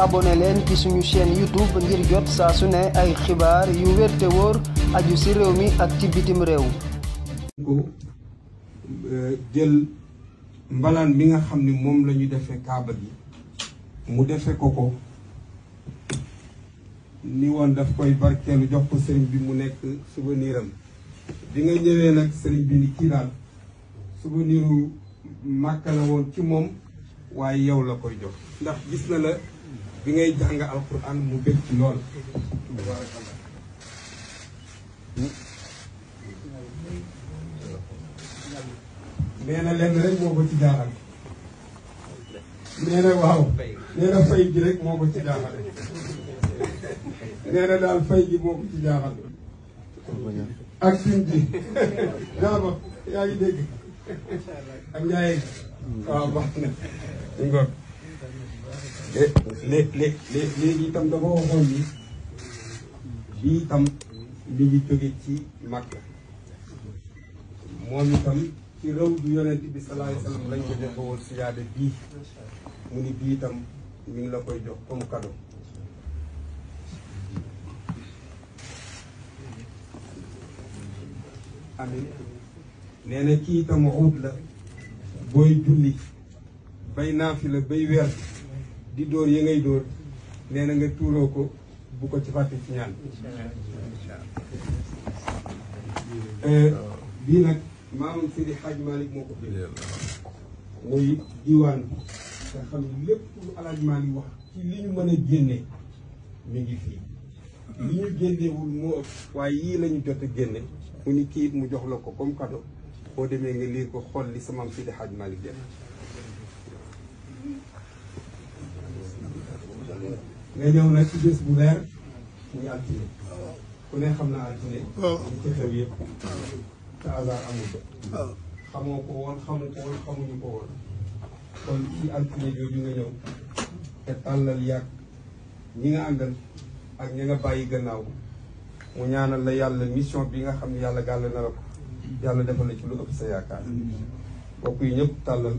abonné leen ci suñu chaîne YouTube ngir jot saa su ne ay xibaar yu wér te wóor aju ci réew mi ak ci bitim réew. ko euh, jël nga xam ne moom la ñu defee gi mu defee ko ko ni woon daf koy jox ko sëriñ bi mu nekk souvenir am bi nga ñëwee nag sëriñ bi ni kii daal souvenir u la woon ci moom waaye yow la koy jox ndax gis na la. bi ngay jàng alquran mu bég ci lool nee na lenn rek moo ko ci jaaxal nee na waaw nee na fay gi rek moo ko ci jaaxal nee na daal fay gi moo ko ci jaaxal ak sim ji daama yaa ngi dégg ak njaayee waaw Eh, lé lé léegi itam dafa waxoon ni bii itam mi ngi jóge ci Makka moom itam ci raw du yonent bi sallallahu alayhi wasallam lañ ko joxe woon siyaade bii mu ni bii itam ñu la koy jox comme cadeau amin nee kii itam xuut la booy julli bay naafi la bay weer di door ya ngay door nee na nga tuuroo ko bu ko ci fàtte ci ñaan euh, bii nag maamam Seydi Xaaj Malik moo ko fi muy diwaan nga xam ne lépp lu Malik wax ci li ñu mën a génne mi ngi fii li ñu génnewul moo ëpp waaye yii lañu jot a génne mu ni kii mu jox la ko comme cadeau boo demee nga liir ko xool li sa maam Seydi Xaaj Malik def nga ñëw nag ci gis bu leer muy altine ku ne xam naa altine li ci xew yëpp te hasard amul xamoo ko woon xamu xamuñu ko woon kon ci altine jooju nga ñëw te yàgg ñi nga àndal ak ñi nga bàyyi gannaaw mu ñaanal la yàlla mission bi nga xam ne yàlla gàll na la ko yàlla defal ci lu ëpp sa yaakaar mbokk yi ñëpp tàllal